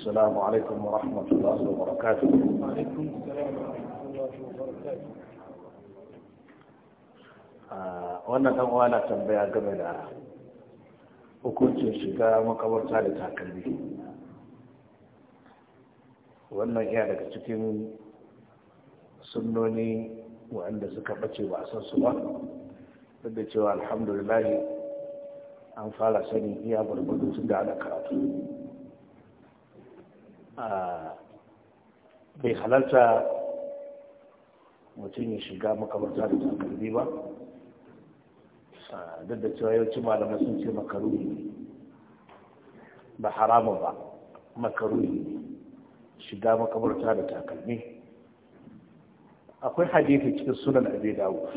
السلام عليكم ورحمة الله وبركاته وعليكم السلام wannan dan uwa na tambaya game da hukuncin shiga makabarta da takalmi wannan iya daga cikin sunnoni waɗanda suka bace ba a san su ba duk da cewa alhamdulillah an fara sanin iya barbaru su da ana karatu bai halarta mutum ya shiga makamarta da takalmi ba duk da cewa yawanci malamai sun ce makaruni ba haramun ba makaruni shiga makamarta da takalmi akwai hadithi cikin sunan abin dawo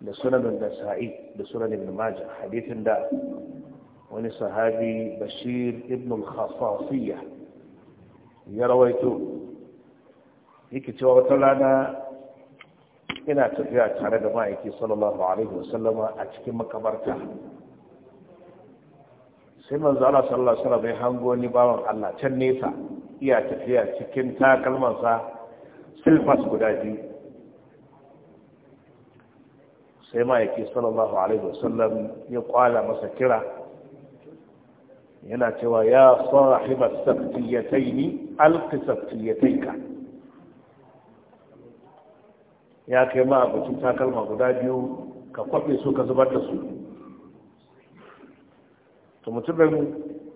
da sunan da sa'i da Ibn majah hadithin da wani sahabi bashir ibn al-khafafiyya ya rawaito yake cewa wata rana ina tafiya tare da ma'aiki sallallahu alaihi wasallama a cikin makabarta sai manzo Allah sallallahu alaihi wasallam ya hango ni bawan Allah can nesa iya tafiya cikin takalmansa silfas guda biyu sai ma'aiki sallallahu alaihi wasallam ya kwala masa kira yana cewa ya sahiba saktiyatai alqisabtiyataika ya kai ma abokin takalma guda biyu ka kwafe su ka zubar da su to mutumin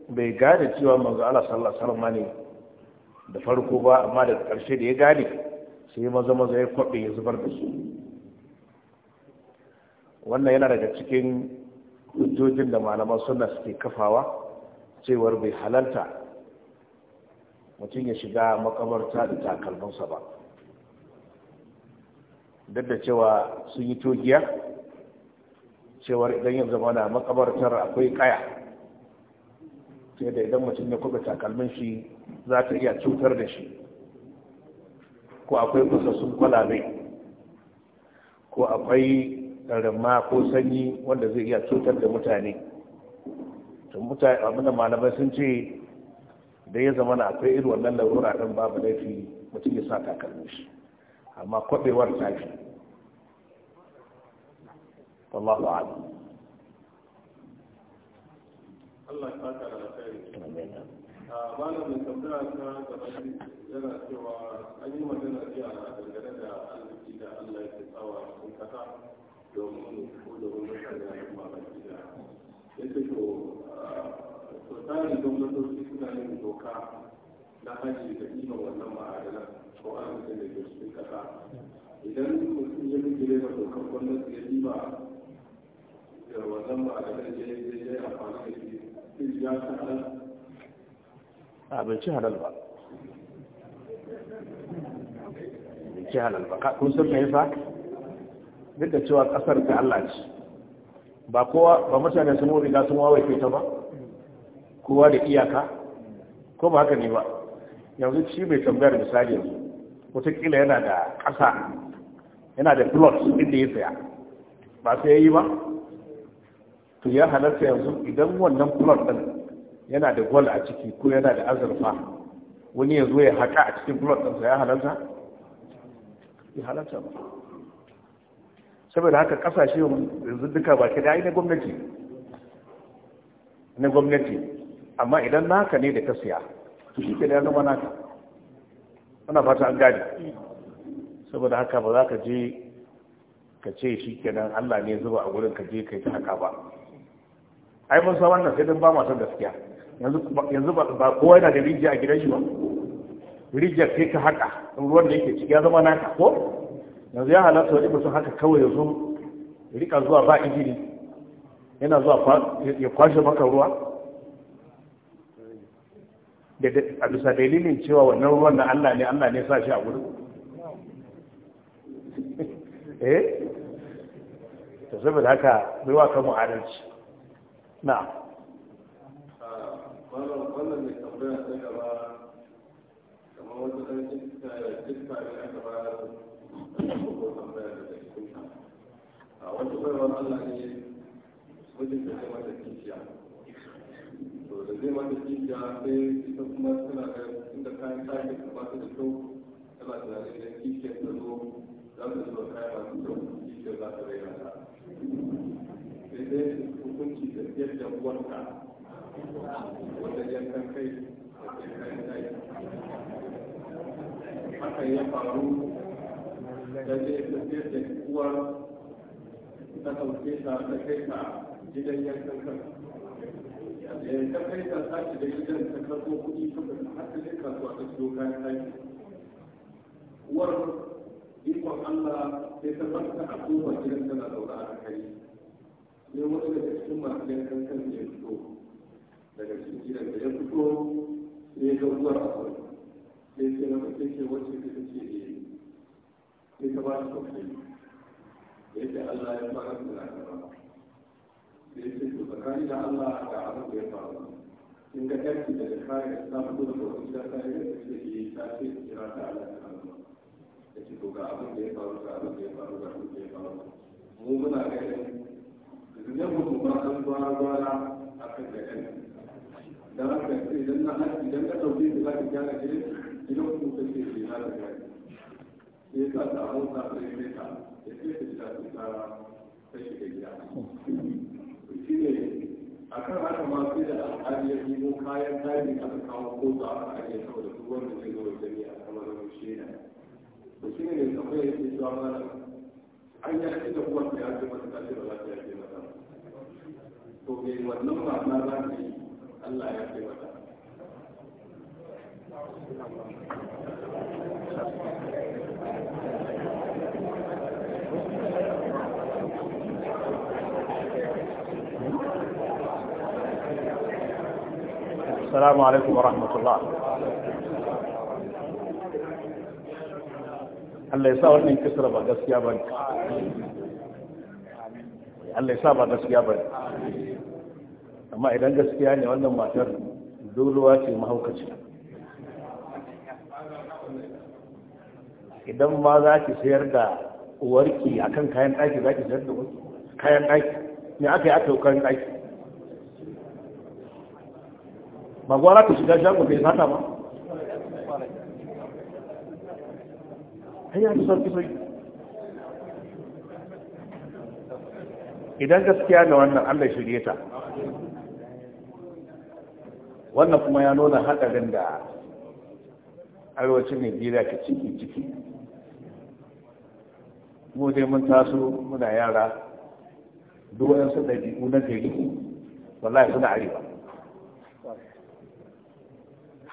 bai gane cewa manzo Allah sallallahu ne da farko ba amma da ƙarshe da ya gane sai maza maza ya kwafe ya zubar da su wannan yana daga cikin hujjojin da malaman suna suke kafawa cewar bai halarta. mutum ya shiga makabarta da takalminsa ba duk da cewa sun yi togiya cewar idan yin zama na makabartar akwai kaya sai da idan mutum ya kuka takalmin shi za ta iya cutar da shi ko akwai kusa sun kwalabe ko akwai rama ko sanyi wanda zai iya cutar da mutane abinda malamai sun ce da ya zama na akwai irin wannan larura ɗin babu laifi mutum ya sa takalmi shi amma kwaɓewar ta fi wallahu a'lam Allah ya fata da kai. Amin. A bana mai tambaya ta gaba yana cewa an yi magana jiya dangane da arziki da Allah ya tsawa cikin kasa domin ko da wani mutane ya kuma baki da. Yake to tsarin gwamnatoci suna yin doka na haji da ɗiban wannan ma'adanan ko arzikin da ke cikin ƙasa idan mutum ya bijire da dokar gwamnati ya ɗiba da wannan ma'adanan ya yi zai amfani da shi sai ya ta halal a bai ci halal ba bai ci halal ba kun san me yasa duk da cewa ƙasar ta Allah ce ba kowa ba mutane sun riga sun wawaye ta ba kowa da iyaka ko ba haka ne ba yanzu shi mai tambayar misali yanzu wataƙila yana da ƙasa yana da plot inda ya saya ba sai ya yi ba to ya halarta yanzu idan wannan plot ɗin yana da gwal a ciki ko yana da azurfa wani yanzu ya haƙa a cikin plot sa ya halarta ya halarta ba saboda haka ƙasashe yanzu duka ba ke da na gwamnati na gwamnati amma idan naka ne da ka siya to shi ke da zama naka ana fata an gadi saboda haka ba za ka je ka ce shi ke nan Allah ne zuba a wurin ka je kai ta haka ba ai mun san wannan sai dan ba mu gaskiya yanzu yanzu ba kowa yana da rijiya a gidan shi ba rijiyar sai ka haka ruwan da yake ciki ya zama naka ko yanzu ya halatta wani mutum haka kawai yanzu rika zuwa ba injini yana zuwa ya kwashe maka ruwa a bisa dalilin cewa wannan ruwan na Allah ne Allah ne sa shi a gudu eh to saboda haka ruwa wa adalci na ah, wannan ne tambaya gaba kamar wata zai mata jin da sai ita kuma tana da inda kayan kayan da ba su da kyau tana da da kishiyar ta zo za ta zo kayan masu kyau kishiyar za ta raina ta sai dai hukunci da yadda uwarka wanda yankan kai da ke kayan kai hakan ya faru da zai tafiyar da uwar ta ɗauke ta ta kai ta gidan yankan kai eh ta kai ta sake da gidan ta karɓo kuɗi saboda har ta kai kasuwa ta siyo kayan sake uwar ikon Allah sai ta bar ta a kowa gidan tana zaura a kai ne wani daga cikin masu yankan da ya fito daga cikin gidan da ya fito sai ga uwar a kwai sai ce na mace ce wacce ta ce ne eh? sai ta ba ta kwafi da yadda Allah ya fara tunanin tunanarwa da ya da Allah in ta ta yi eh, ta ce ta ta da faru da ba san gwara gwara a kan da da ka ka ta ka eh, ka ta ka ta ka ta ta ta da gida shi ne a kan haka ma sai da al'adu ya nemo kayan daji aka kawo ko za a ajiye saboda duk wanda zai zo wajen a kamar shi ne to shi ne ne kawai yake cewa mana an yi ake da kowace ya ce mata tashi ba za ta yafe mata to me wannan ba na za ta yi Allah ya ce mata السلام عليكم ورحمة الله الله يساور من كسر بقى سيابان الله يساور بقى سيابان أما إذا قس كياني يعني وأنا ما أجر دولواتي ما هو كتير idan ma za ki sayar da uwarki akan kayan aiki za ki sayar da wasu kayan aiki ne aka yi aka yi kayan aiki ba gwara ka shiga shago bai sata ba hanyar sarki sai idan gaskiya ga wannan allah shirye ta wannan kuma ya nuna haɗarin da arewacin nigeria ke ciki ciki mu dai mun taso muna yara duk waɗansu ɗabi'u na gari wallahi suna arewa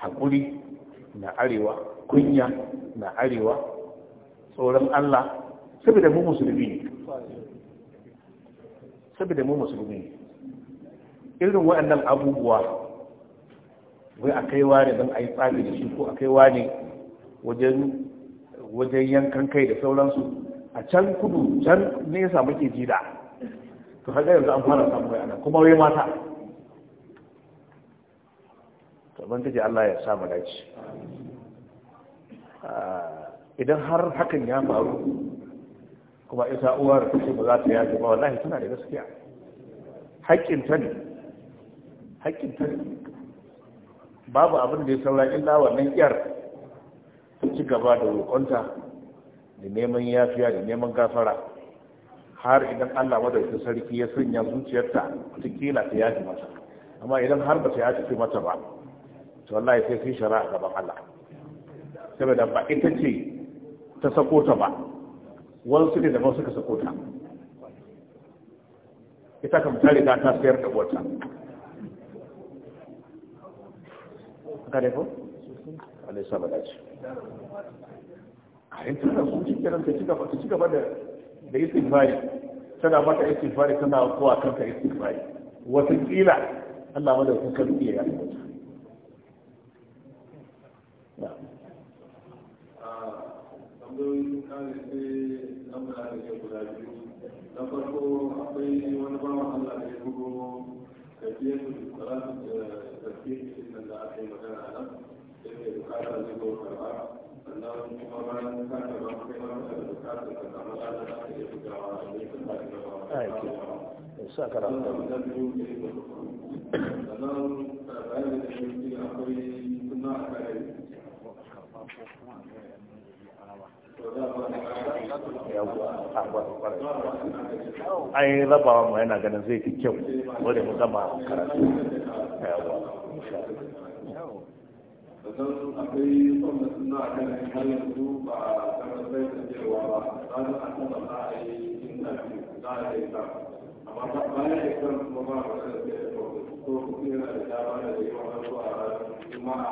haƙuri na arewa kunya na arewa tsoron Allah saboda mu musulmi ne saboda mu musulmi ne irin waɗannan abubuwa wai a kaiwa ne don a yi tsari da shi ko a kaiwa ne wajen yankan kai da sauransu a can kudu can nesa muke jida to haka yanzu an fara samu wai ana kuma wai mata ubangiji Allah ya samu mu dace ah, idan har hakan ya faru kuma ita uwar ce ba za ta yaji ba wallahi tana da gaskiya haƙƙin ta ne haƙƙin ta ne babu abin da ya saura illa wannan iyar ta ci gaba da roƙonta da neman yafiya da neman gafara har idan Allah madaukakin sarki ya sanya zuciyarta ta kila ta yaji masa amma idan har ba ta yaji mata ba to ya sai sun shara a gaban Allah saboda ba ita ce ta sako ta ba wani suke da wasu suka sako ta ita kam ta riga ta sayar da wata ka da ko alai sama da a yin tara sun ci kiran ta ci gaba da da istighfari tana mata istighfari tana kanta kanka istighfari wata kila Allah madaukakin kalbi ya yi tambayoyin kare sai lamba da ke guda biyu na farko akwai wani bawan Allah da ya bugo tafiye su salatu da tafiye su da sannan da da da da da akwai suna ai rabawa mu yana ganin zai fi kyau wadda mu gama karatu yawa sannan akwai kwamna suna a har yanzu ba a da za ko kuma yana da da zuwa juma'a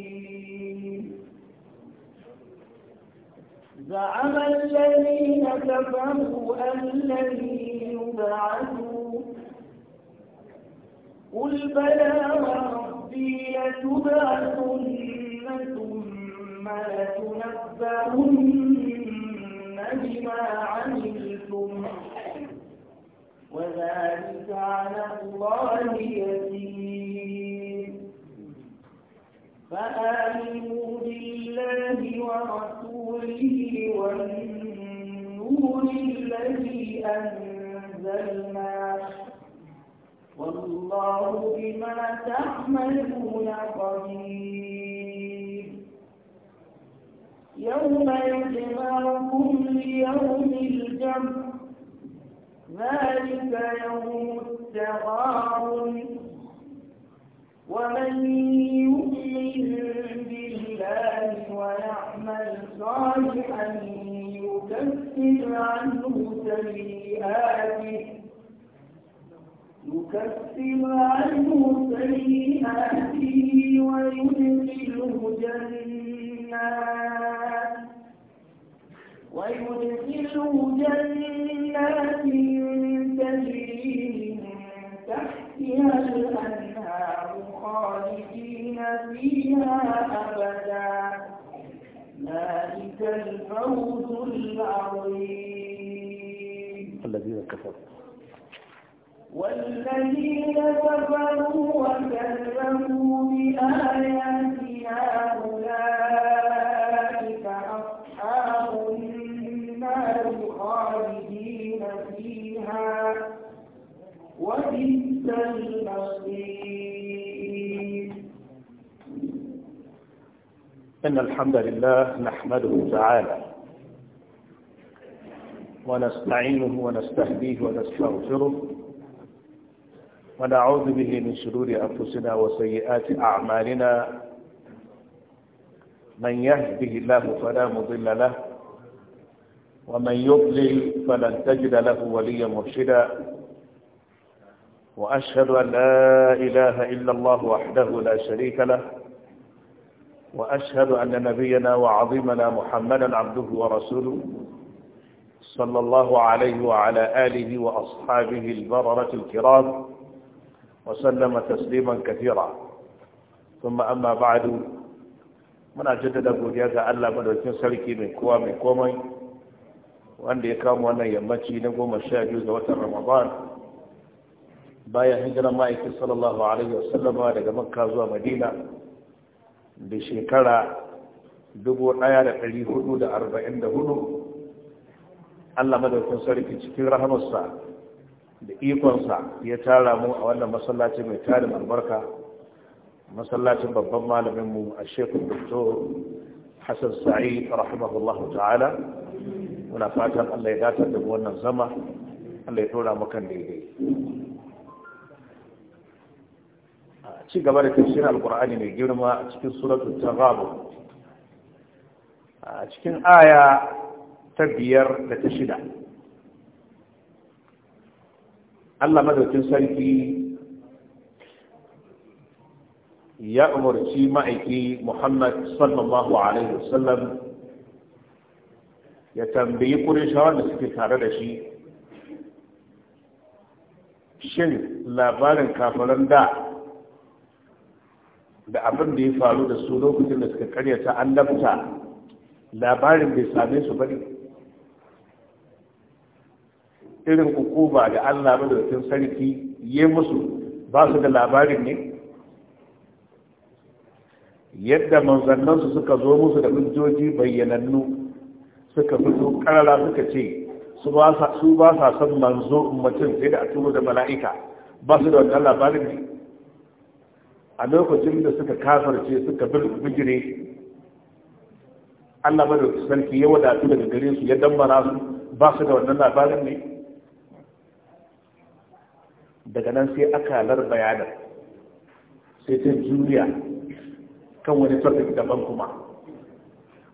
زعم الذين كفروا أن لن يبعثوا قل بلى ربي لتبعثن ثم لتنبأن بما عملتم وذلك على الله يسير فآمنوا بالله ورسوله والنور الذي أنزلنا والله بما تعملون قدير يوم يجمعكم ليوم الجمع ذلك يوم التغابن ومن يؤمن بالله ويعلم صالحا يكفر عنه سيئاته يكفر عنه سيئاته ويدخله جنات ويدخله جنات تجري تحتها الأنهار خالدين فيها أبدا ذلك الفوز العظيم الذين كفروا والذين كفروا وكذبوا بآياتنا أولئك أصحاب النار خالدين فيها وبئس المصير إن الحمد لله نحمده تعالى ونستعينه ونستهديه ونستغفره ونعوذ به من شرور أنفسنا وسيئات أعمالنا من يهده الله فلا مضل له ومن يضلل فلن تجد له وليا مرشدا وأشهد أن لا إله إلا الله وحده لا شريك له وأشهد أن نبينا وعظيمنا محمدا عبده ورسوله صلى الله عليه وعلى آله وأصحابه البررة الكرام وسلم تسليما كثيرا ثم أما بعد من أجدد قوليات ألا من سلكي من كوا من كومي وأن يكام وأن يمتشي نقوم الشاجوز وتر رمضان بايا هجر مائك صلى الله عليه وسلم ولقى مكة زوى مدينة da shekara 1444 Allah madaukin sarki cikin rahamarsa da ikonsa ya tara mu a wannan masallacin mai tarin albarka masallacin babban malaminmu a shekul doktor hassan sa'i rahimahullahu ta'ala muna fatan Allah ya datar da wannan zama Allah ya tura mu kan daidai ci gaba da tafsirin alkur'ani mai girma a cikin suratul taghabun a cikin aya ta biyar da ta shida Allah madaukin sarki ya umarci ma'aiki Muhammad sallallahu alaihi wasallam ya tambayi ƙurishawa da suke tare da shi shin labarin kafaran da da abin da ya faru da su lokacin da suka karya karyata annabta labarin bai same su bane irin hukuma da Allah madaukakin sarki ya musu ba su da labarin ne yadda manzannansu suka zo musu da hujjoji bayyanannu suka fito karara suka ce su ba sa son manzo mutum sai da a turo da mala'ika ba su da wannan labarin ne a lokacin da suka kafarce suka bijire Allah ba da sarki ya wadatu daga gare su ya dambara su ba su da wannan labarin ne daga nan sai akalar bayanin sai ta juriya kan wani sarki daban kuma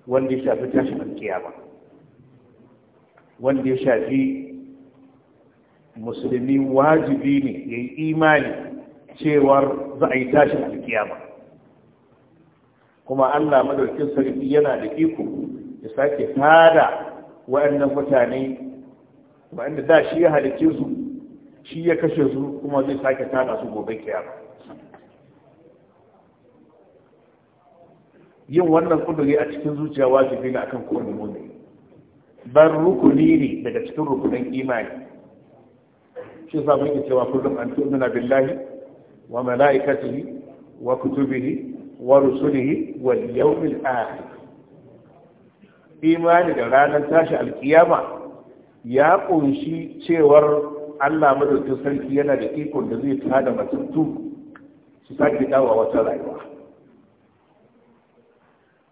wanda ya shafi tashin kiyama wanda ya shafi musulmi wajibi ne ya yi imani cewar za a yi tashin alkiyama kuma Allah madaukin sarki yana da iko ya sake tada waɗannan mutane waɗanda da shi ya halicce su shi ya kashe su kuma zai sake tada su gobe kiyama yin wannan kuduri a cikin zuciya wajibi ne akan kowane mu'min bar rukuni ne daga cikin rukunin imani shi sa muke cewa kullum an tu'mina billahi wa mala'ikatihi wa kutubihi wa rusulihi wal yawmil akhir imani da ranar tashi alƙiyama ya ƙunshi cewar Allah madaukakin sarki yana da ikon da zai tada matattu su sake dawa wata rayuwa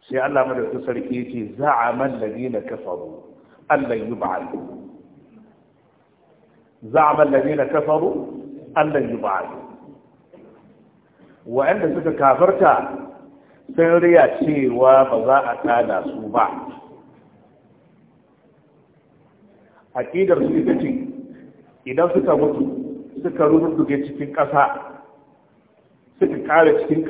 sai Allah madaukakin ba yake za'aman ladina kafaru Allah yub'al za'aman kafaru Allah yub'al wa'anda suka kafarta sun riya cewa ba za a tada su ba ƙidar su ita ce idan suka mutu suka rurruge cikin ƙasa suka ƙara cikin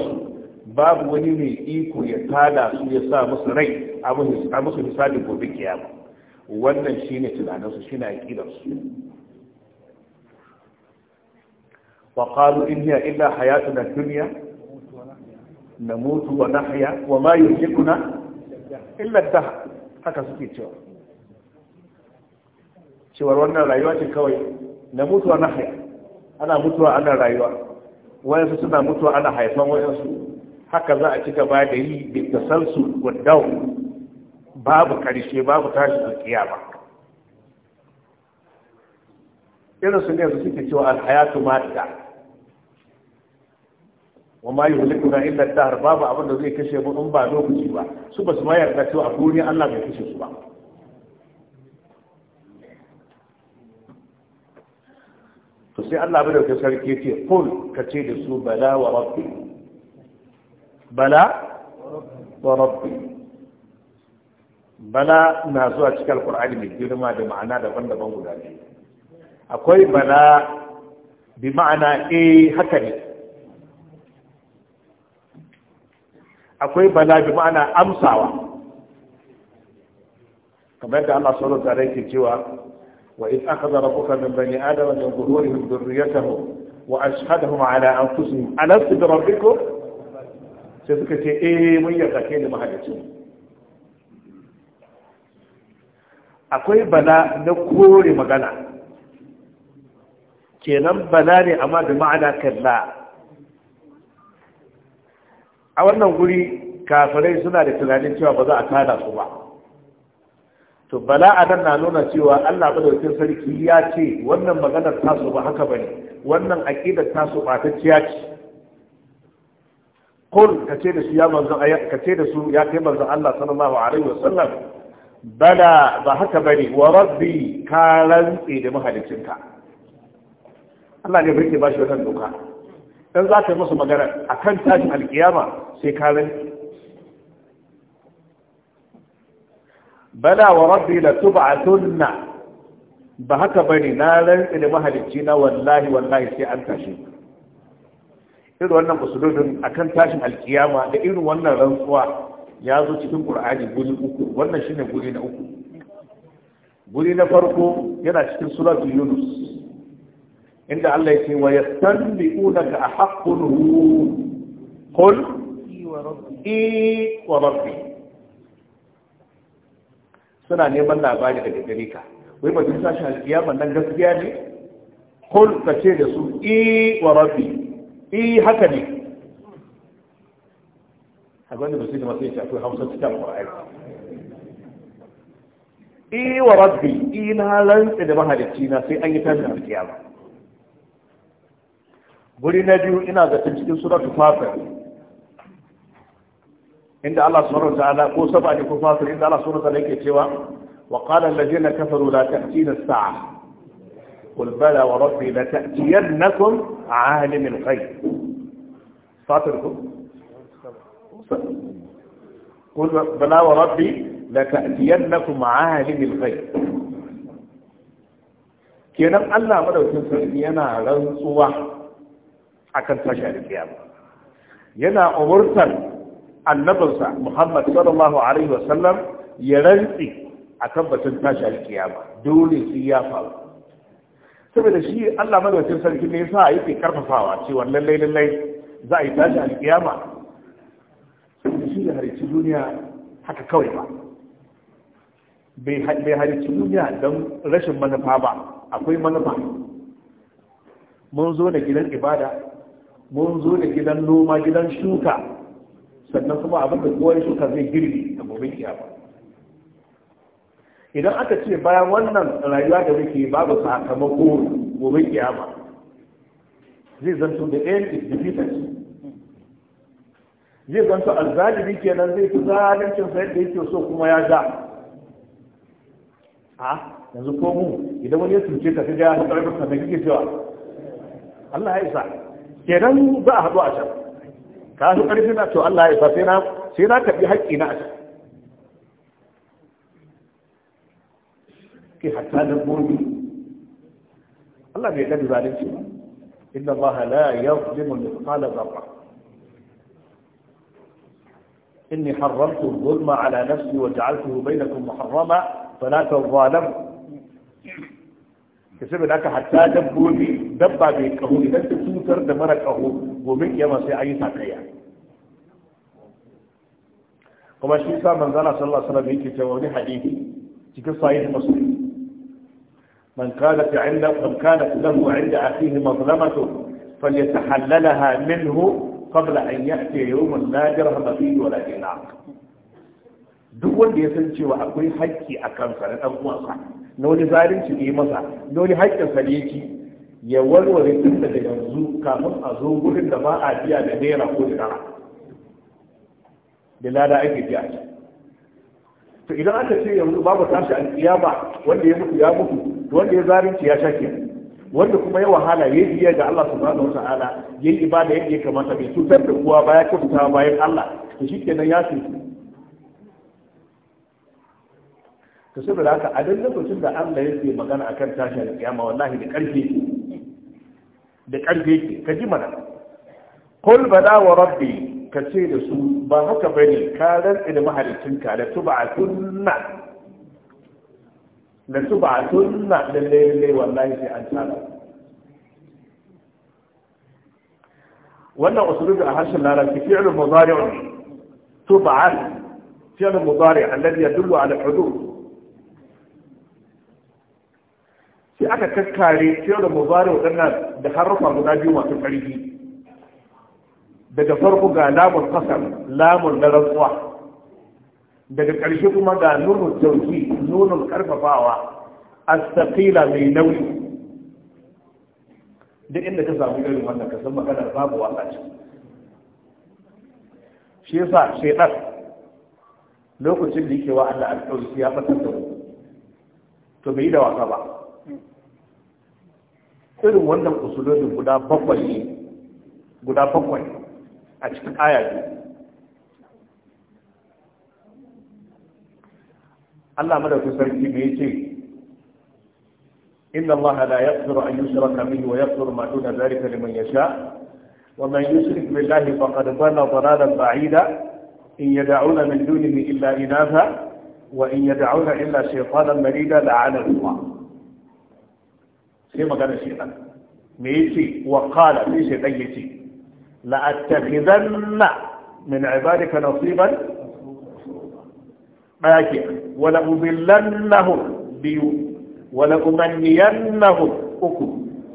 su, babu wani mai iko ya tada su ya sa musu rai a musu misalin gobe kiyama wannan shine tunaninsu shine aƙidarsu وقالوا إن هي إلا حياتنا الدنيا نموت ونحيا وما kuna illa الدهر haka suke cewa cewar wannan rayuwa ce kawai na mutuwa na haya ana mutuwa ana rayuwa wayansu suna mutuwa ana haifan wayansu haka za a ci gaba da yi da tasansu wadau babu karshe babu tashi da kiyama irinsu ne su suke cewa alhayatu mata wa ma na illa dahr babu abin da zai kashe mu in ba lokaci ba su ba su ma yarda cewa a duniya Allah bai kashe su ba to sai Allah bai dauke sarki ce kul ka ce da su bala wa rabbi bala wa rabbi bala na zuwa cikin alkur'ani mai girma da ma'ana daban-daban guda biyu akwai bala bi ma'ana eh haka ne akwai bala bi ma'ana amsawa kamar da Allah sallallahu alaihi wasallam cewa wa in akhadha rabbuka min bani adama min zuhurihim dhurriyyatahum wa ashhadahum ala anfusihim alastu bi rabbikum sai suka ce eh mun yarda kai ne mahalicin akwai bala na kore magana kenan bala ne amma da ma'ana kalla a wannan guri kafirai suna da tunanin cewa ba za a tada su ba to bala a nan na nuna cewa Allah madaukakin sarki ya ce wannan maganar tasu ba haka ba ne, wannan aƙidar tasu ba ta ciya ce qul ka ce da su ya kai manzon Allah sallallahu alaihi wasallam bala ba haka ne wa rabbi ka rantse da mahalicinka Allah ne birke ba shi wannan doka dan za ka yi musu magana akan tashin alkiyama sai ka rai bala wa rabbi la tub'atunna ba haka bane na rantsi da mahalicci na wallahi wallahi sai an tashi irin wannan usuludin akan tashin alkiyama da irin wannan rantsuwa ya zo cikin qur'ani guri uku wannan shine guri na uku guri na farko yana cikin suratul yunus inda Allah yake wa yastanbi'unaka ahaqqun hu qul i wa rabbi suna neman labari daga gare ka wai ba ta shi alkiyama nan gaskiya ne qul ka ce da su i wa rabbi i haka ne a gwanda ba su da masu yake akwai hausa cikin ƙwararri i wa rabbi i na rantsa da mahalicci na sai an yi tashin alkiyama guri na biyu ina zaton cikin suratul fatir inda Allah subhanahu wa ta'ala ko saba ne ko fatir inda Allah subhanahu wa ta'ala yake cewa wa qala allazina kafaru la ta'tina as-sa'a qul bala wa rabbi قل بلى وربي لتأتينكم عالم الغيب فاطركم قل بلى وربي لتأتينكم عالم الغيب kenan Allah madaukin sarki yana rantsuwa akan tashi kiyama yana umurtar annabinsa Muhammad sallallahu alaihi wasallam ya rantsi akan batun tashi kiyama dole sai ya faru saboda shi Allah madawacin sarki ne yasa yake karfafawa cewa lallai lallai za a yi tashi alkiyama saboda shi da harici duniya haka kawai ba bai harici duniya don rashin manufa ba akwai manufa mun zo da gidan ibada mun zo da gidan noma gidan shuka sannan kuma abin da kowa shuka zai girbi da gobe kiyama idan aka ce bayan wannan rayuwa da muke babu sakamako gobe kiyama zai zanto da ɗayan isbifitanci zai zanto alzalibi kenan zai fi zalincin sa yadda yake so kuma ya ja a yanzu ko mu idan wani ya cuce ka ta ja ta ƙarfi sa da kike cewa Allah ya isa kenan za a haɗu a can ka su ƙarfi na to Allah ya sai na sai na karɓi haƙƙi na a can ke hatta da gobe Allah bai ɗan zalunci ba inda Allah la yazlimu mithqala dharra inni harramtu adh-dhulma ala nafsi wa ja'altuhu bainakum muharrama fala tadhalamu kasabe da haka hatta dabbobi dabba mai kaho idan ta cutar da mara kaho gobe kiyama sai an yi sakayya kuma shi sa manzala sallallahu alaihi wasallam yake cewa wani hadisi cikin sahih muslim man kana fi inda man kana lahu inda akhihi mazlamatu falyatahallalaha minhu qabla an ya'ti yawmun la jarhama fihi wa la jinaq duk wanda ya san cewa akwai haƙƙi a kansa na ɗan uwansa na wani zalunci ne masa na wani haƙƙinsa ne yake ya warware tun daga yanzu kafin a zo wurin da ba a biya da naira ko da dara da lada ake biya to idan aka ce yanzu babu tashi an ba wanda ya mutu ya mutu to wanda ya zarinci ya shake wanda kuma ya wahala ya biya ga Allah subhanahu wa ta'ala ya ibada yadda ya kamata bai cutar da kowa ba ya kyauta bayan Allah to shikenan ya Ka to saboda haka a dalilin mutum da Allah yake magana akan tashin kiyama wallahi da karfi da ƙarfi yake ka ji mana kul bada wa rabbi ka ce da su ba haka bane ka rantsa da mahalicinka la tub'atunna la tub'atunna lalle lalle wallahi sai an tsara wannan usulubi a harshen larabci fi'l mudari'un tub'at fi'l mudari' alladhi yadullu ala hudud sai aka kakkare sai da mubarak waɗannan da harfa guda biyu masu ƙarfi daga farko ga lamun kasar lamun na rantsuwa daga ƙarshe kuma ga nunun tauki nunun ƙarfafawa tsakila mai nauyi duk inda ka samu irin wannan ka san maganar babu wasa ce shi yasa shaidar lokacin da yake wa Allah alƙawari ya fatar da to bai yi da wasa ba irin wannan usulolin guda bakwai guda bakwai a cikin aya Allah madaukakin sarki me yace inna Allah la yaghfiru an yushraka bihi wa yaghfiru ma duna dhalika liman yasha wa man yushrik billahi faqad dhalla dhalalan ba'ida in yad'una min dunihi illa inatha wa in yad'una illa shaytanan marida la'ana Allah sai magana shaitan me yace wa qala sai shaitan yace la attakhidanna min ibadika nasiban dake wala udillannahum biyu wala umanniyannahum uku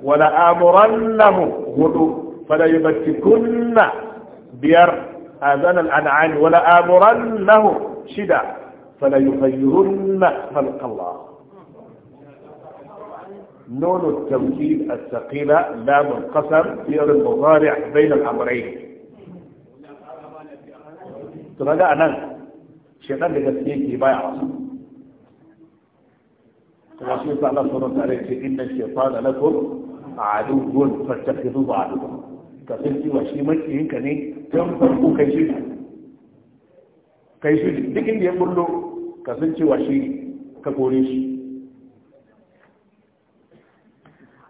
wala amurannahum hudu fala yubtikunna biyar آذان الأنعام ولا آمرنهم شدا فلا يغيرن خلق الله نون التوكيد الثقيلة لام القسم في المضارع بين الأمرين ثم تراجع أنا شيطان لجسدي كي بايع كما شيء الله سبحانه وتعالى إن الشيطان لكم عدو فاتخذوه عدوا kasance wa shi makiyinka ne don farko kai shi kai shi duk inda ya bullo kasance wa shi ka kore shi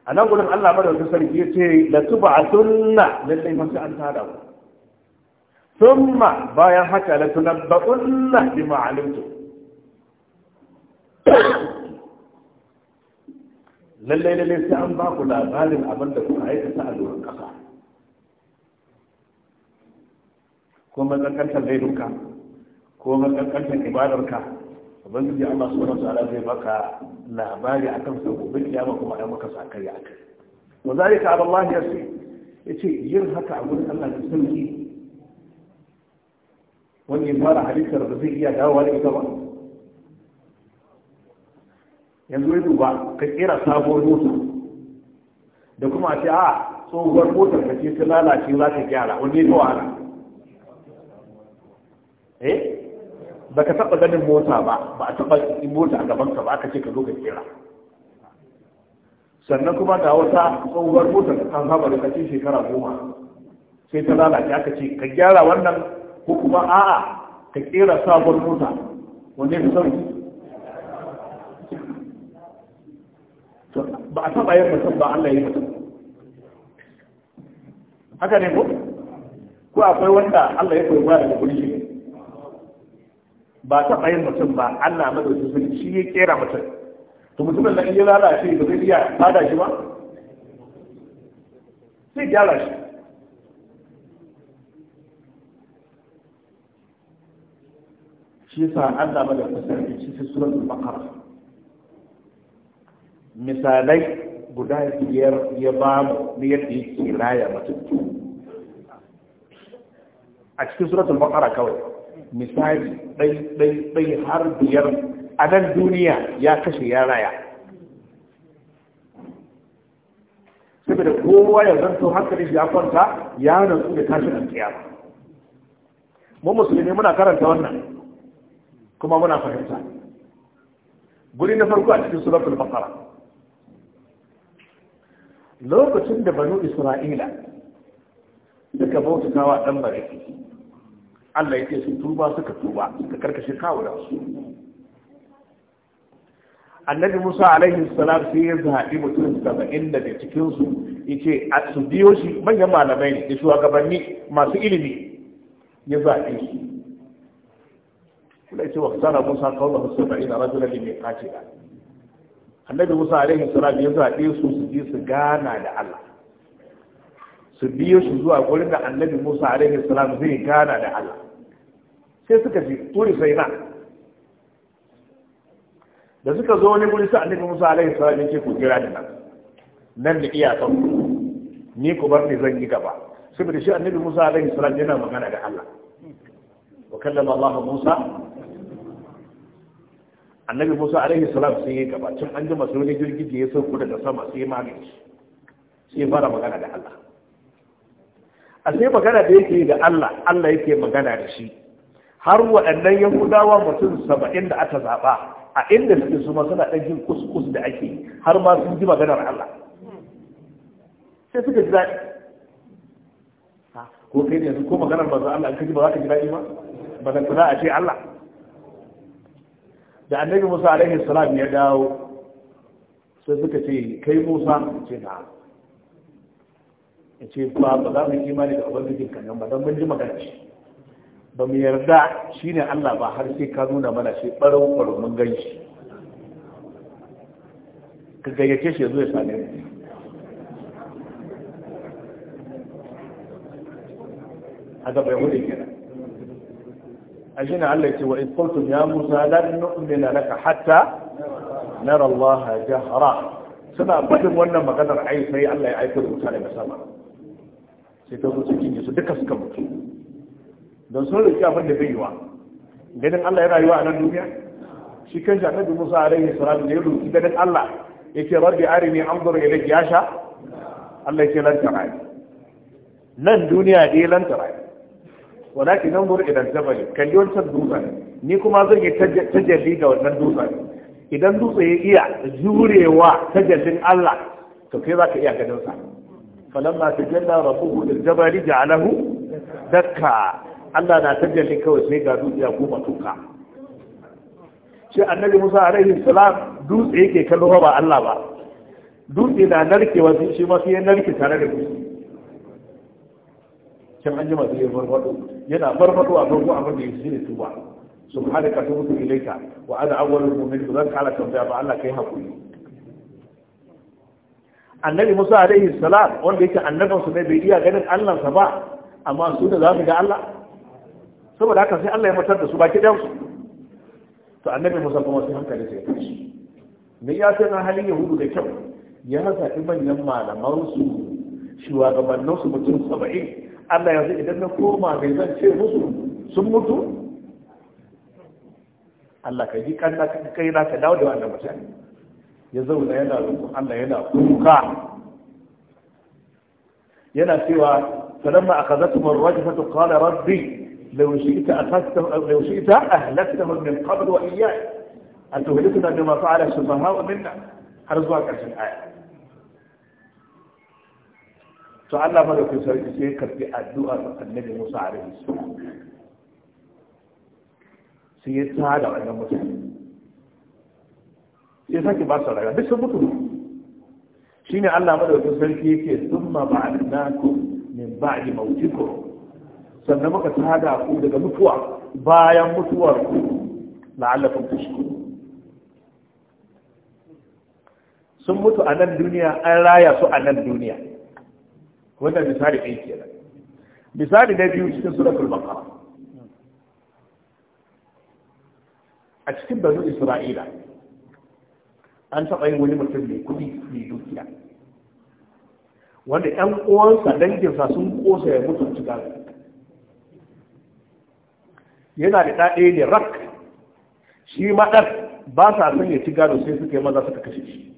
a nan gudun Allah wasu sarki ya ce da su ba a sunna sai masu an tada ku ma bayan haka la tunabbaunna bima alimtu lallai lallai sai an ba ku labarin abin da kuka aikata a doron kasa ko makankantar laifinka ko makankantar ibadarka ubangiji Allah subhanahu wa ta'ala zai baka labari akan sa gobe kiyama kuma ai maka sakari akai wa zalika ala Allah yasi yace yin haka a gurin Allah da sauƙi. wani fara halittar da zai iya dawowa da ita ba yanzu ya duba ka kira sabuwar mota da kuma a ce a ah, tsohuwar motar ka ce ta lalace za ta gyara wani ya wahala baka taba ganin mota ba ba a taba yi mota a gaban ka ba aka ce ka zo ka tsira sannan kuma da wata tsohuwar mota da ta saba da kace shekara goma sai ta lalace aka ce ka gyara wannan ko kuma a'a ka tsira sabon mota wanda ya sauki ba a taba yin mutum ba Allah ya yi mutum haka ne ko ko akwai wanda Allah ya koyi ba da gurin shi ba ta yin mutum ba Allah madaukakin sarki shi ya kera mutum to mutumin nan ya lalace ba zai iya bada shi ba sai gyara shi shi yasa Allah madaukakin sarki shi sai suratul baqara misalai guda biyar ya ba mu ne yadda yake raya mutum a cikin suratul baqara kawai misali ɗai ɗai ɗai har biyar a nan duniya ya kashe ya raya saboda kowa ya zanto hankali shi ya kwanta ya nutsu da da alkiyama mu musulmi muna karanta wannan kuma muna fahimta guri na farko a cikin suratul baqara lokacin da banu isra'ila suka bautawa dan bariki Allah ya ce su tuba suka tuba suka karkashe kawuna su annabi musa alaihi salam sai ya zaɓi mutum saba'in da cikin su yace a su biyo shi manyan malamai ne da shugabanni masu ilimi ya zaɓe su kula ce wa sana musa kawo da saba'in a rajulan ne mai da. annabi musa alaihi salam ya zaɓe su su je su gana da Allah su biyo shi zuwa gurin da annabi musa alaihi salam zai gana da Allah sai suka ji turi sai na da suka zo wani guri sa annabi Musa alaihi salam yake ku jira ni nan nan da iyakan ni ku bar ni zan yi gaba saboda shi annabi Musa alaihi salam yana magana da Allah wa kallama Allah Musa annabi Musa alaihi salam sai yi gaba tun an jima sai wani da ya sauko daga sama sai ya magance sai ya fara magana da Allah a sai magana da yake da Allah Allah yake magana da shi har waɗannan yahudawa mutum saba'in da aka zaɓa a inda suke su suna ɗan jin kuskus da ake har ma sun ji maganar Allah sai suka ji daɗi ko kai ne ko maganar manzo Allah kaji ba za ka ji daɗi ba ba za ka a ce Allah da annabi Musa alaihi salam ya dawo sai suka ce kai Musa ce na ya ce ba ba za mu imani da ubangijin kan nan ba don mun ji magana ce ba mu yarda ne Allah ba har sai ka nuna mana shi ɓarau barau mun gan shi ka gayyace shi zo ya same mu haka bai hudu kenan a shi ne Allah ya ce wa iskultum ya musa lan nu'mina laka hatta nara Allah jahra suna fadin wannan maganar ai sai Allah ya aika mutane daga sama sai ta zo cikin su duka suka mutu don sun rike abin da bai yiwa ganin Allah ya rayuwa a nan duniya shi kan shi annabi Musa alaihi salatu da ya roki ganin Allah yake rabbi arini anzur ilayka ya sha Allah yake lanta rai nan duniya dai lanta rai walakin nan ila al-jabal yi wancan dutsen ni kuma zan yi tajalli ga wannan dutsen idan dutse ya iya jurewa tajallin Allah to kai zaka iya ganin sa falamma tajalla rabbuhu lil jabal ja'alahu dakka Allah na ta jalli kawai sai ga dutse ya koma toka shi annabi Musa alaihi salam dutse yake kallo ba Allah ba dutse na narkewa wasu shi ma sai ya narke tare da dutse can an ji sai ya yana farfado a farko abin da yake shi ne tuba subhanaka tubtu ilayka wa ana awwalul mu'minin zan kala tambaya ba Allah kai hakuri annabi Musa alaihi salam wanda yake annabin ne bai iya ganin Allah sa ba amma su da za su ga Allah saboda haka sai Allah ya matar da su baki ɗan su to annabi musa kuma sai hankali sai ya tashi ya sai na halin yahudu da kyau ya zaɓi manyan malaman su shugabannin su mutum saba'in Allah ya zai idan na koma mai zan ce musu sun mutu Allah ka ji kanna kai na ka dawo da wannan mutane ya zauna yana rubu Allah yana kuka yana cewa فلما أخذتهم الرجفة قال ربي لو شئت أخذتهم أو لو شئت أهلكتهم من قبل وإياه أتهلكنا بما فعل السفهاء منا حرزوا كأس الآية تعالى ملك سيكا في الدعاء النبي موسى عليه السلام سيدتا على أن المسلم سيدتا كي باسا لك بس بطل شيني الله ملك سيكا ثم بعدناكم من بعد موتكم sannan muka tada ku daga mutuwa bayan mutuwar ku la'allakum tashkurun sun mutu a nan duniya an raya su a nan duniya wannan misali ɗaya da. misali na biyu cikin suratul baqara a cikin banu isra'ila an taɓa yin wani mutum mai kuɗi mai dukiya wanda 'yan uwansa danginsa sun ƙosa ya mutu cikin yana da ɗaɗe ne rak shi maɗar ba sa son ya ci gado sai suka yi maza suka kashe shi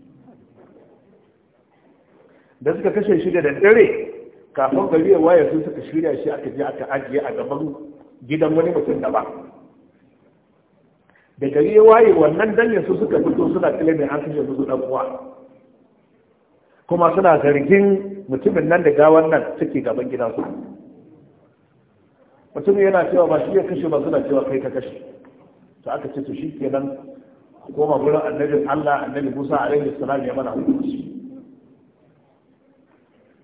da suka kashe shi da daddare kafin gari ya waye sun suka shirya shi aka je aka ajiye a gaban gidan wani mutum da ba da gari ya waye wannan dangin su suka fito suna mai an kashe su dan uwa kuma suna zargin mutumin nan da gawan nan suke gaban gidansu mutum yana cewa ba shi ya kashe ba suna cewa kai ka kashe to aka ce to shi kenan koma gurin annabin Allah annabi Musa alaihi salam ya mana hukunci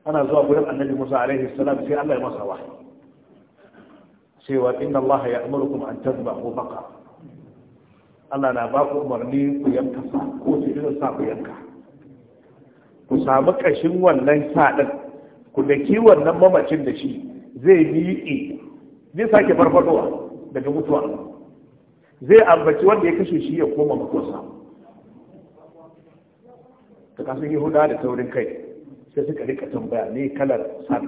ana zuwa gurin annabi Musa alaihi salam sai Allah ya masa wahayi cewa inna Allah ya amurukum an tazbahu baqa Allah na ba ku umarni ku yanka sa ko su yi sa ku yanka ku samu kashin wannan sa din ku kiwon wannan mamacin da shi zai miƙe zai sake farfadowa daga mutuwa zai ambaci wanda ya kashe shi ya koma mutuwarsa ta kasu yahuda da taurin kai sai suka rika tambaya ne kalar sani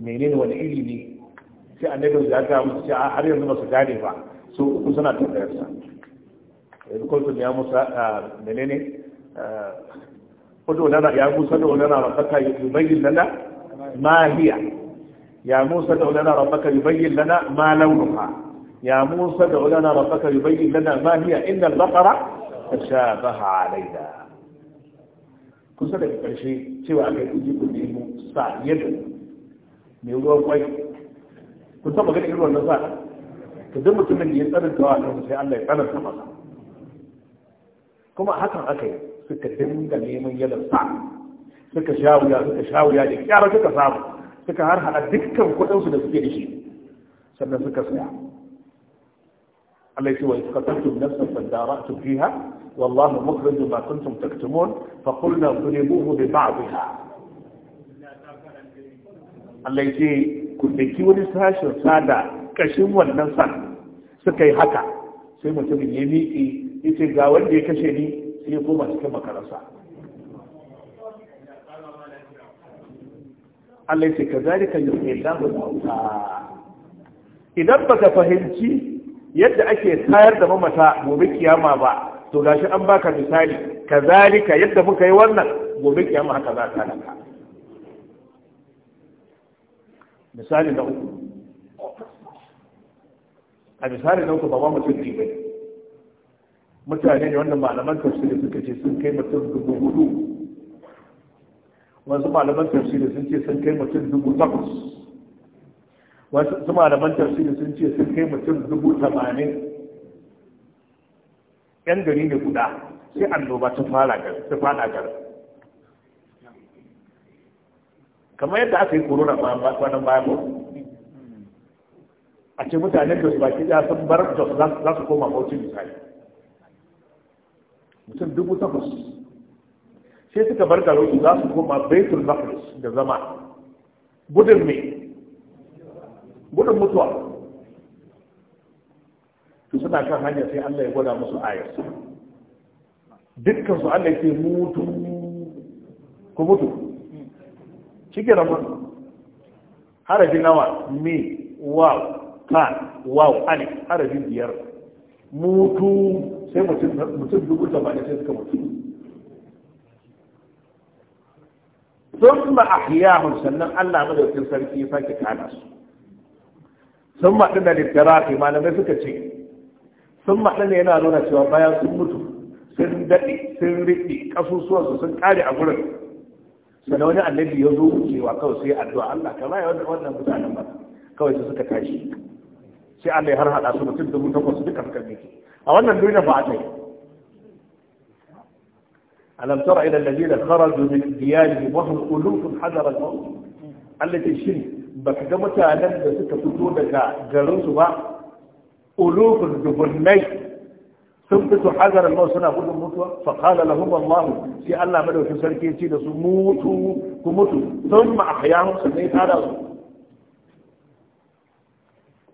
menene wani iri ne sai annabi ya ga musu sai har yanzu masu gane ba su uku suna tambayar sa yanzu kuntum ya musa menene kudu lana ya musa da wani wa saka yi, lana ma hiya يا موسى ادع لنا ربك يبين لنا ما لونها يا موسى ادع لنا ربك يبين لنا ما هي إن البقرة تشابه علينا كن سادة كبرشي سوى أكيد أجيب الإلم سعيد ميوغو كوي كن سابة كده إلوان نساء كدمة من يسأل الدعاء نفسه الله يبقى نفسه كما حقا أكيد سكتن كان يمن يدر سعيد سكتشاويا سكتشاويا يكيارا كتا سابه suka har hada dukkan kuɗinsu da suke da shi sannan suka saya Allah ya ce wa iskatattum nafsan fadaratu fiha wallahu mukhrijum ma kuntum taktumun fa qulna duribuhu bi ba'dha Allah ya ce ku daki wani sashen sada kashin wannan san suka yi haka sai mutumin ya ya ce ga wanda ya kashe ni sai ya koma cikin makarasa Allah yake kazalika yuhillahu al-mauta idan baka fahimci yadda ake tayar da mamata gobe kiyama ba to gashi an baka misali kazalika yadda muka yi wannan gobe kiyama haka za ka da misali na uku a misali na uku ba ma mutum ne mutane ne wanda malaman tafsiri suka ce sun kai mutum dubu hudu wasu malaman tafsiri sun ce sun kai mutum dubu takwas wasu malaman tafsiri sun ce sun kai mutum dubu tamanin yan gari ne guda sai annoba ta fara gar kamar yadda aka yi korona kwanan baya ba. a ce mutanen da su baki ya sun bar da za su koma bautin misali mutum dubu takwas sai suka bar garin za su koma baitul maqdis da zama gudun me gudun mutuwa su suna kan hanya sai Allah ya gwada musu ayar dukkan su Allah ya ce mutu ku mutu da mutu harafi nawa me waw ka waw ani harafi biyar mutu sai mutum mutum dubu tamanin sai suka mutu sun ahyahum sannan Allah madaukin sarki ya sake kana su sun ma da littarafi malamai suka ce sun ma ne yana nuna cewa bayan sun mutu sun daɗi sun riɗi ƙasusuwansu sun ƙare a gurin sannan wani annabi ya zo wucewa kawai sai addu'a Allah kama ya wannan mutanen ba kawai su suka tashi sai Allah ya har haɗa su mutum dubu takwas duka suka miki a wannan duniya ba a ta yi ألم تر إلى الذين خرجوا من ديارهم وهم ألوف حذر الموت التي شن بكذا متعلم بسك لك جرنس با ألوف دبني سمتت حذر الموت سنة أقول الموت فقال لهم الله في ألا ملو في سركين سيدة موتوا كموتوا ثم أحياهم سنين هذا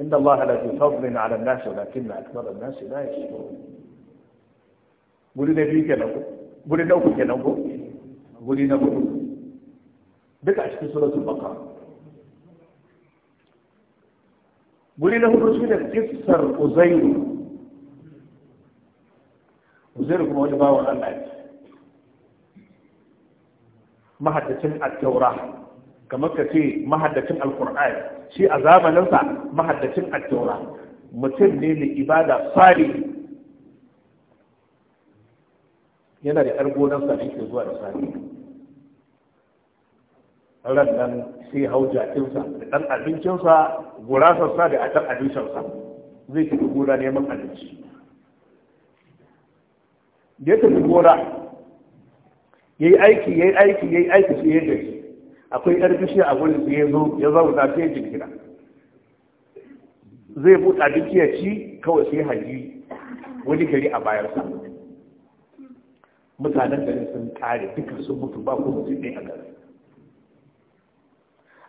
إن الله لا فضل على الناس ولكن أكثر الناس لا يشكرون ولنبيك لكم guri na uku kenan ko guri na uku? duka a cikin suratul baqara guri na hudu shine kissar uzairu uzairu kuma wani bawan Allah ne mahaddacin at-taura kamar ka ce mahaddacin al-qur'an shi a zamaninsa mahaddacin at-taura mutum ne mai ibada sari yana da yar gonarsa da yake zuwa da sani ran nan sai hau jakinsa da ɗan abincinsa gurasarsa da ɗan abincinsa zai tafi gona neman abinci ya tafi gona ya yi aiki ya yi aiki ya yi aiki sai ya gaji akwai yar bishiya a wurin sai ya zo ya zauna sai ya jingina zai buɗe abinci ya ci kawai sai haji wani gari a bayarsa mutanen gari sun kare duka sun mutu ba kuma mutum ɗaya a gari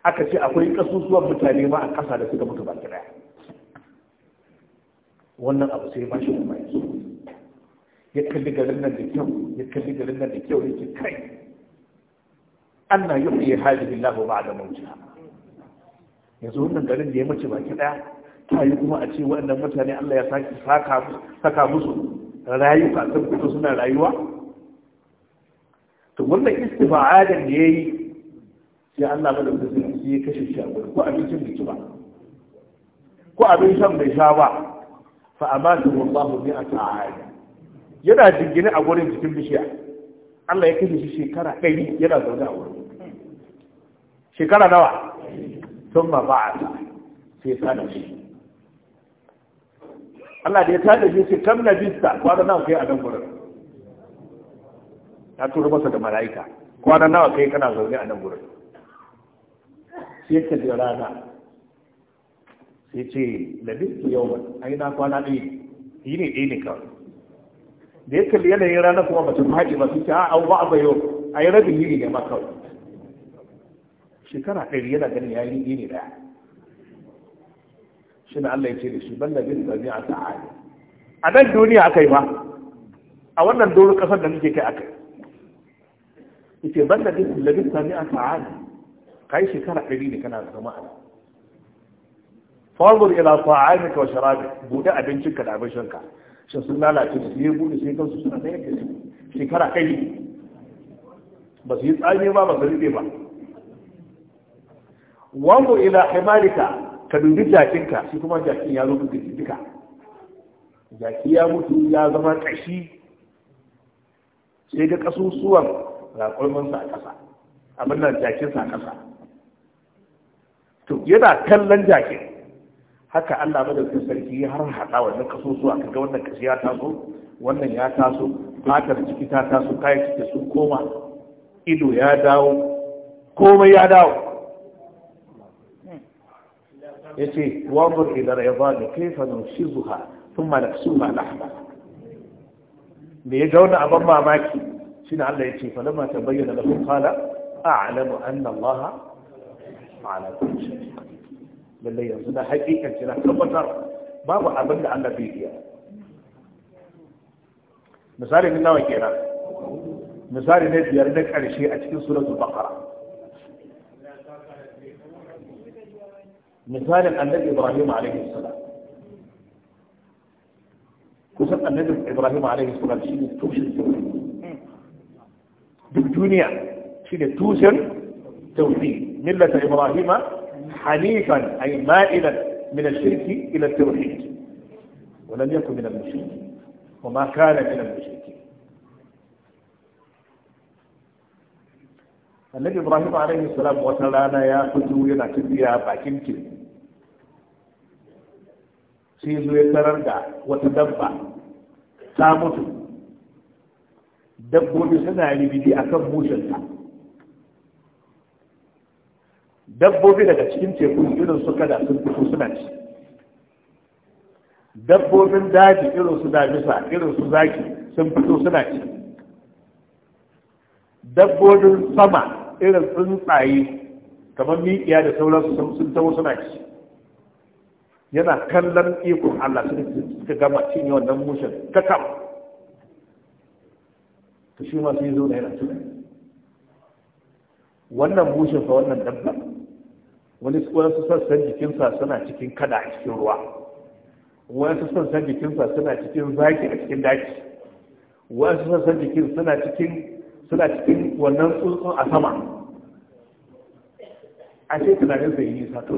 aka ce akwai ƙasusuwan mutane ma a ƙasa da suka mutu baki ɗaya wannan abu sai ba shi kuma ya kalli garin nan da kyau ya kalli garin nan da kyau ya ce kai an na yi hajjin lahu ba da mauciya yanzu wannan garin da ya mace baki ɗaya ta yi kuma a ce waɗannan mutane Allah ya saka musu rayuka sun fito suna rayuwa to wannan istifa'adan da yayi sai Allah ba da mutum ya kashe shi a gurin ko abincin bai ci ba ko abin shan bai sha ba fa amatu wallahu bi ata'ad yana jingine a gurin cikin bishiya Allah ya kashe shi shekara 100 yana zaune a wurin shekara nawa ma thumma ta sai da shi Allah da ya tada shi sai kam labista kwana nan kai a nan gurin ta turo masa da mala'ika kwana nawa kai kana zaune a nan gurin sai ka da rana sai ce da ba, a ai na kwana ɗaya yi ne ɗaya ne kawai da ya kalli yanayin rana kuma ba su faɗi ba ce a an ba ba a yi rabin yi ne ma kawai shekara ɗari yana ganin ya yi ne ɗaya shi na Allah ya ce da shi ban da da zai a ta'ali a nan duniya aka yi ba a wannan doron ƙasar da muke kai aka yi yace ban da duk labin sami a sa'ad kai shekara ɗari ne kana zama a fawar ila sa'adika wa sharabi bude ka da ka. shin sun lalace su yi bude sai kansu suna da yake su shekara ɗari ba su yi tsami ba ba su rube ba wanzu ila himalika ka dubi jakinka shi kuma jakin ya rubuta duka jaki ya mutu ya zama ƙashi sai ga ƙasusuwan raƙulminsa a ƙasa abin nan jakinsa a ƙasa to yana kallon jakin haka Allah madaukin sarki ya har haɗa wannan a kaga wannan kashi ya taso wannan ya taso fatar ciki ta taso kayan ciki sun koma ido ya dawo komai ya dawo ya ce wanzur idan ya ba da kaifa na shi zuha sun ma da su ma lahama me ya ga wani abin mamaki shine Allah ya ce falamma tabayyana lahu qala a'lamu anna Allah ala kulli shay'in lalle yanzu da hakikan na tabbatar babu abin da Allah bai iya misali ne nawa kenan misali ne biyar na karshe a cikin suratul baqara misalin annabi ibrahim alaihi salam kusan annabi ibrahim alaihi salam shine tushen tauhid بالدنيا شنو توصل توحيد ملة إبراهيم حنيفا أي مائلا من الشرك إلى التوحيد ولم يكن من المشركين وما كان من المشركين النبي إبراهيم عليه السلام وصل أنا يا خذوا يا نكبي يا باكين كل شيء زوجة وتدبع تامتو dabbobi suna rigidi a kan mushinsa dabbobi daga cikin teku irin su kada sun fito suna ci dabbobin daji irin su damisa irin su zaki sun fito suna ci dabbobin sama irin tsuntsaye kamar miƙiya da sauransu sun taho suna ci yana kallon ikon Allah suka gama cinye wannan mushin kam. to shi ma sai zo da yana tuna wannan bushin fa wannan dabba wani wasu sassan jikinsa suna cikin kada a cikin ruwa Wani wasu sassan jikinsa suna cikin zaki a cikin daki Wani wasu sassan jikin suna cikin suna cikin wannan tsuntsun a sama a ce tunanin sai yi nisa to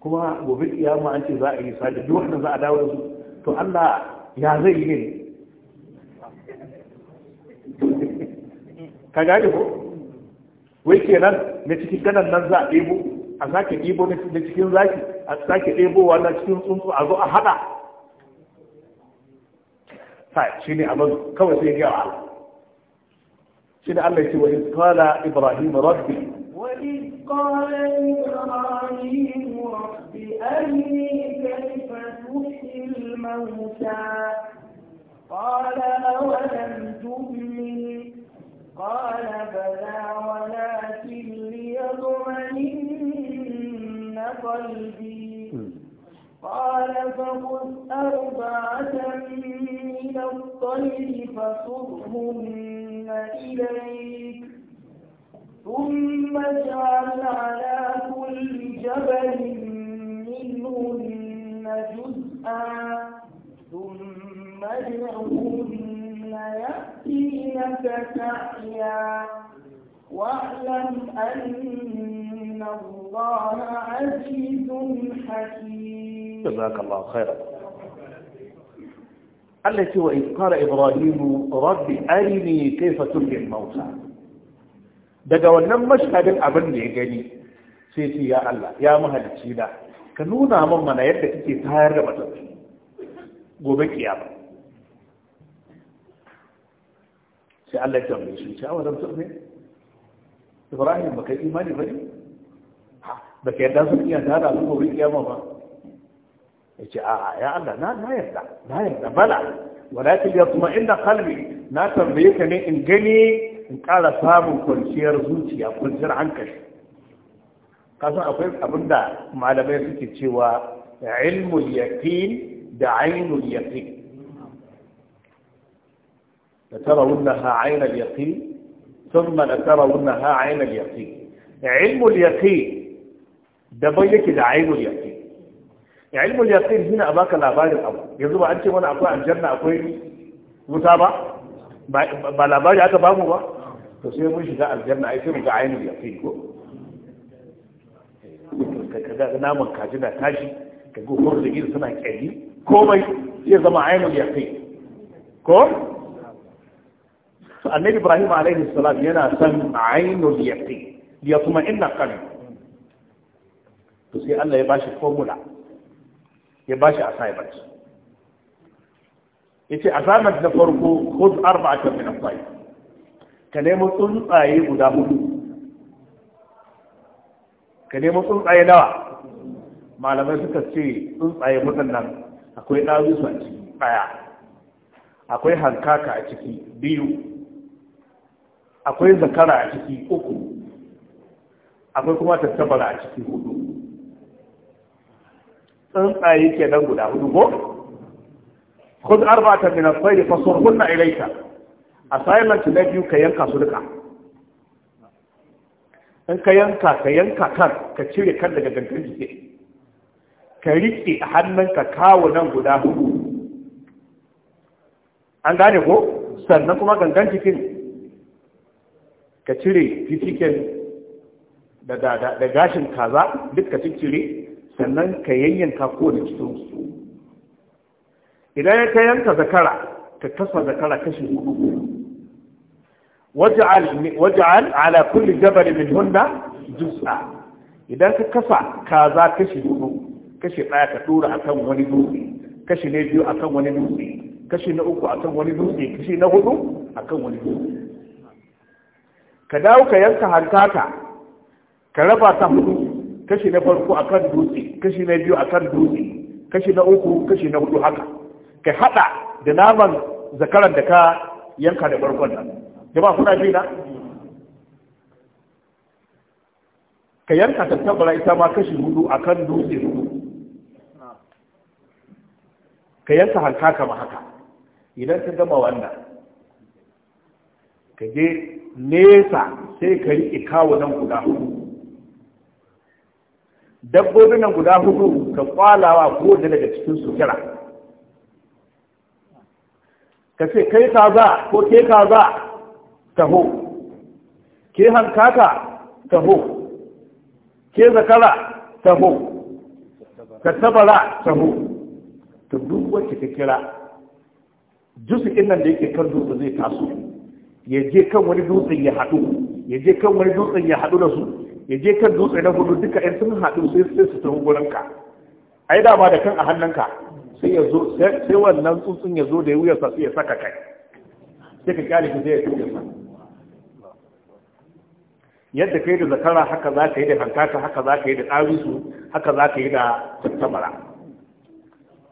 kuma gobe kiyama an ce za a yi nisa da duk wanda za a dawo da su to Allah ya zai yi ne ka gane ko wai kenan na cikin ganan nan za a ɗebo a sake ɗebo na cikin zaki a sake ɗebo wannan cikin tsuntsu a zo a haɗa ta shi ne abin kawai sai ya Allah shi ne Allah ya ce wa in kala ibrahim rabbi wa in qala ibrahim rabbi arni kayfa tuhyi قال أولم تؤمن قال بلى ولكن ليطمئن قلبي قال فخذ أربعة من الطير فصرهن إليك ثم اجعل على كل جبل منهن جزءا ثم مدعوهن يأتينك سعيا واعلم أن الله عزيز حكيم جزاك الله خيرا التي وإذ قال إبراهيم رب أرني كيف تلقي الموتى daga wannan mashhadin abin da ya gani sai ce ya Allah ya mahalicci da ka nuna min mana yadda kake tayar da matattu gobe kiyama sai Allah ya tambaye shi ce awa zamtu ne Ibrahim baka imani ba ne baka yarda sun iya tara su gobe kiyama ba ya ce a ya Allah na na yarda na yarda bala walakin ya kuma inda kalbi na tambaye ka ne in gani in ƙara samun kwanciyar zuciya kwanciyar hankali kasan akwai abin da malamai suke cewa ilmul yaqin da ainul yaqin لترونها عين اليقين ثم لترونها عين اليقين علم اليقين ده بيك ده عين اليقين علم اليقين هنا أباك الأبار الامر يذوب أنت وانا أقوى الجنة أقوي متابع بالأبار أتا بامو تصير مش ذا الجنة أيسير ذا عين اليقين كذا نام كاجنا كاجي كقول فرد جيل سنة كاجي كومي يزم عين اليقين كوم annabi ibrahim alaihi salam yana son ainul yaqin ya kuma inna qalbi to sai Allah ya bashi formula ya bashi assignment yace assignment na farko khudh arba'atan min at-tayr ka nemo tsuntsaye guda hudu ka nemo tsuntsaye nawa malamai suka ce tsuntsaye waɗannan akwai ɗazu a ciki ɗaya akwai hankaka a ciki biyu akwai zakara a ciki uku akwai kuma tattabara a ciki hudu tsuntsaye ke nan guda hudu ko khudh arba'atan min as hunna fasurhunna a assignment na biyu ka yanka su duka in ka yanka ka yanka kan ka cire kan daga gangan jiki ka riƙe a hannunka kawo nan guda hudu an gane ko sannan kuma gangan jikin ka cire fitiken da gashin kaza duk ka cire sannan ka yayyanka kowane cikin su idan ya ka yanka zakara ka kasa zakara kashin hudu waj'al ala kulli jabal min hunna juz'a idan ka kasa kaza kashi hudu kashi daya ka dora akan wani dutse kashi ne biyu akan wani dutse kashi na uku akan wani dutse kashi na hudu akan wani dutse ka dawo ka yanka hankaka ka raba ta hudu kashi na farko akan dutse kashi na biyu akan dutse kashi na uku kashi na hudu haka ka hada da naman zakaran da ka yanka da farkon nan jama'a kuna jina na ka yanka tabbara ita ma kashi hudu akan dutse hudu ka yanka hankaka ma haka idan ka gama wannan ka je nesa sai ka riƙe kawo nan guda hudu dabbobin nan guda hudu ka kwalawa ko da daga cikin su kira ka ce kai kaza ko ke kaza taho ke hankaka taho ke zakara taho ka tabara taho ta duk wacce ka kira jusu nan da yake kan dutse zai taso ya je kan wani dutsen ya haɗu ya je kan wani dutsen ya haɗu da su ya je kan dutse na hudu duka yan sun haɗu sai sai su tafi A ai dama da kan a hannunka sai ya zo sai wannan tsuntsun ya zo da ya wuya sa ya saka kai sai ka kyale sai ya tuke sa yadda kai da zakara haka za ka yi da hankaka haka za ka yi da ɗawisu haka za ka yi da tattabara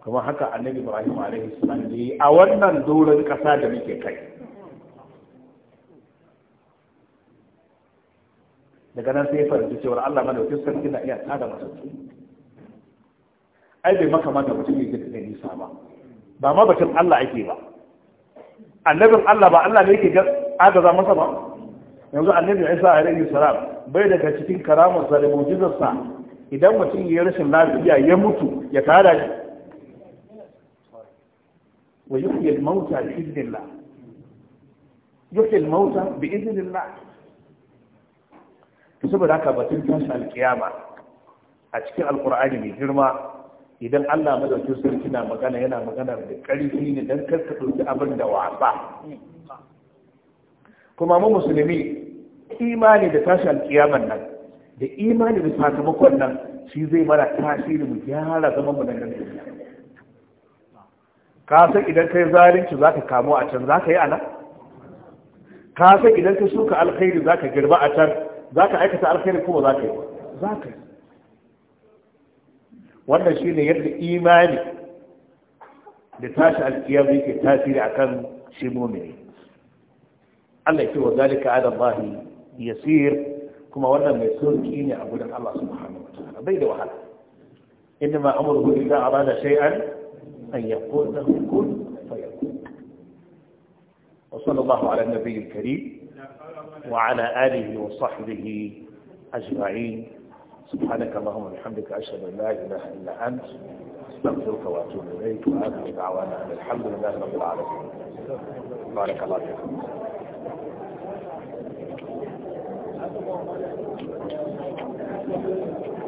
kuma haka annabi ibrahim alaihi salam ne a wannan doron ƙasa da muke kai daga nan sai ya fahimci cewa Allah madaukakin sarki na iya tada mutum ai bai maka mata mutum yake da nisa ba ba ma batun Allah ake ba annabin Allah ba Allah ne yake agaza masa ba yanzu annabi Isa alaihi salam bai daga cikin karamar sa da mu'jizarsa idan mutum ya rashin lafiya ya mutu ya tada shi wa yuhyil mauta bi idnillah yuhyil mauta bi idnillah saboda haka batun tashin alkiyama a cikin alkur'ani mai girma idan Allah madaukin sarki na magana yana magana da ƙarfi ne don karka ɗauki abin da wasa kuma mu musulmi imani da tashin alkiyaman nan da imani da sakamakon nan shi zai mara tasiri mu gyara zaman mu na ganin ka san idan kai zalunci zaka kamo a can zaka yi a nan ka san idan ka shuka alkhairi zaka girba a can ذاك عيكة الخير هو ذاك ذاك وانا شيء يرد إيماني لتاشع القيامي كتاثير عكان شي مؤمني الله يكتب ذلك على الله يسير كما وانا ميسور كيني أقول الله سبحانه وتعالى بيد وحد إنما أمره إذا أراد شيئا أن يقول له كن فيكون وصلى الله على النبي الكريم وعلى آله وصحبه أجمعين سبحانك اللهم وبحمدك أشهد أن لا إله إلا أنت استغفرك وأتوب إليك وآخر دعوانا أن الحمد لله رب العالمين بارك الله فيكم Thank you.